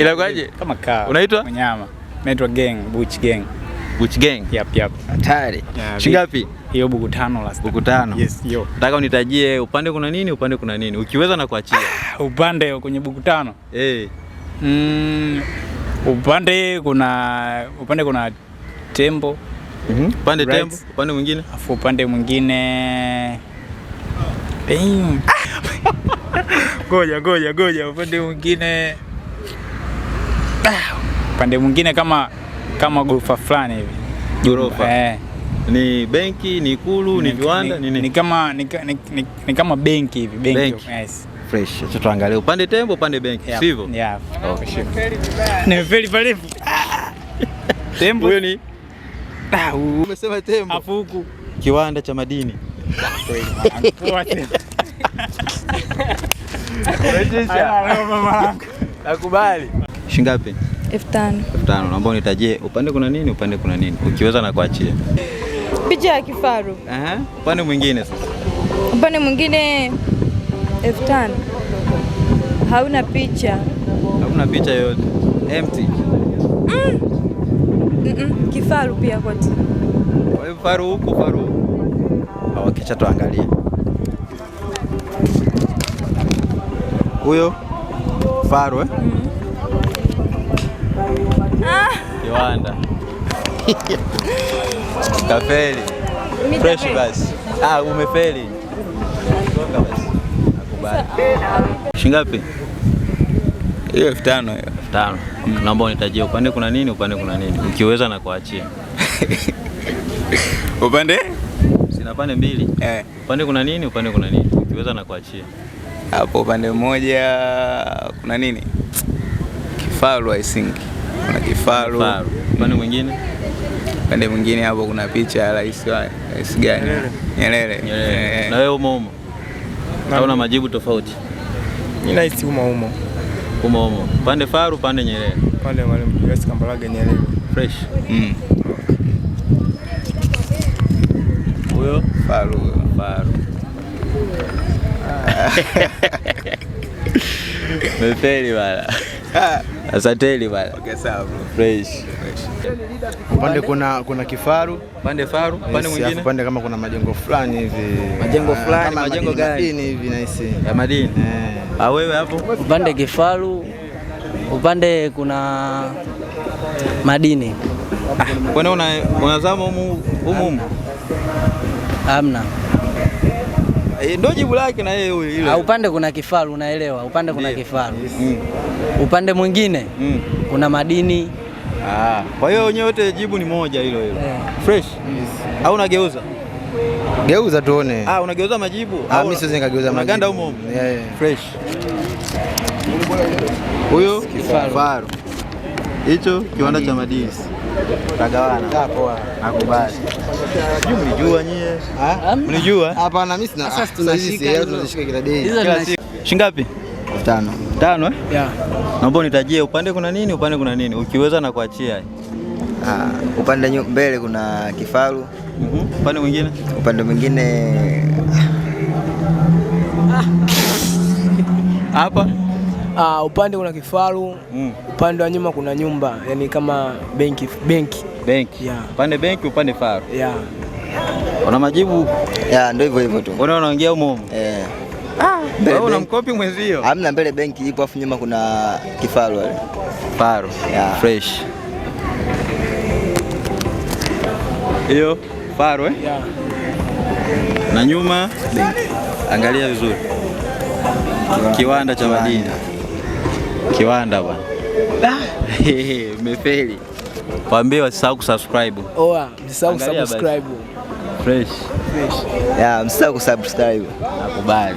Inakuaje? Kama kaa. Unaitwa? Mnyama. Naitwa Gang, Butch Gang. Butch Gang. Yep, yep. Hatari. Yeah, Shingapi? Hiyo buku tano last. Buku tano. Yes, hiyo. Nataka unitajie upande kuna nini, upande kuna nini. Ukiweza na kuachia. Ah, upande kwenye buku tano. Eh. Hey. Mm, upande kuna upande kuna tembo. Mhm. Mm upande right. Tembo, upande mwingine? Afu upande mwingine ah! Goja, goja, goja, upande mwingine upande mwingine kama kama gorofa fulani hivi gorofa eh. Ni benki ni ikulu ni viwanda ni, ni, ni kama ni, ni, ni, ni kama benki hivi benki, benki. Yes. Fresh. Acha tuangalie upande tembo upande benki yep. Sivyo? Yeah. Okay. Ni Nimefeli pale. Tembo. Huyo ni Ah, umesema tembo. Afu huku kiwanda cha madini. Nakubali. Shingapi? elfu tano. Elfu tano. Naomba unitajie upande kuna nini, upande kuna nini, ukiweza na kuachia picha ya kifaru. Aha. Upande mwingine sasa, upande mwingine elfu tano. Hauna picha, hauna picha yoyote, empty. Mm. Kifaru pia kote. Kwa hiyo faru huko, faru Awakicha tuangalie huyo faru eh? Mm. Kiwanda kafeli. Fresh basi. Ah, umefeli. Shingapi? Hiyo elfu tano hiyo. Elfu tano. Naomba unitajie upande kuna nini, upande kuna nini, ukiweza na kuachia upande sina pande mbili eh. Upande kuna nini, upande kuna nini, ukiweza na kuachia hapo. Upande mmoja kuna nini? kifalu I think kuna kifaru. Upande mwingine upande mwingine hapo kuna picha ya rais rais gani? Nyerere. Eh. Na wewe umo umo au una majibu tofauti? Mimi nahisi umo umo umo umo, pande faru, pande Nyerere, pande Mwalimu Julius Kambarage Nyerere. Fresh. Mm. Huyo faru faru Mefeli bana. Asanteni ah. bana. Okay, sawa bro. Fresh. Pande kuna kuna kifaru. Upande faru, pande mwingine. upande kama kuna majengo fulani hivi. Majengo ah, fulani, kama majengo gani? Hivi naisi. Ya madini. Eh. Ah, wewe hapo? Upande kifaru. Upande kuna madini. Ah, kwani una unazama humu humu? Amna. Eh, ndio jibu lake na yeye Ah, Upande kuna kifaru, unaelewa? Upande kuna kifaru yes. mm. upande mwingine mm. kuna madini ah. Kwa hiyo wenyewe wote jibu ni moja hilo hilo yeah. Fresh mm. yes. au unageuza? Geuza tuone. Ah, unageuza majibu? Ah, mimi siwezi nikageuza majibu. Unaganda humo. Yeah, yeah. Fresh. Huyo kifaru. Hicho kiwanda cha madini. Tagawana. Hapo ah, nakubali. Sijui mlijua nyie? Mlijua? Hapana, mimi sina. Sasa tunashika tunashika kila Shingapi? Tano. Tano eh? Yeah. Naomba upande kuna nini, upande kuna nini? Ukiweza na kuachia. Ah, upande mbele kuna kifaru. Mm-hmm. Upande mwingine? Upande mwingine hapa Uh, upande kuna kifaru mm. Upande wa nyuma kuna nyumba, yani kama benki benki benki yeah. Upande benki, upande faru yeah. Una majibu yeah, ndio hivyo hivyo tu. Unaona unaongea umo eh. Ah, unamkopi mwenzio. Hamna, mbele benki ipo afu nyuma kuna kifaru wale. Faru. Yeah. Fresh. Hiyo faru eh? Yeah. Na nyuma benki. Angalia vizuri. Kiwanda cha madini. Kiwanda bwana. Ah. Mefeli. Waambie wasisahau kusubscribe. Oa, msisahau kusubscribe. Fresh. Fresh. Ya, msisahau kusubscribe. Nakubali.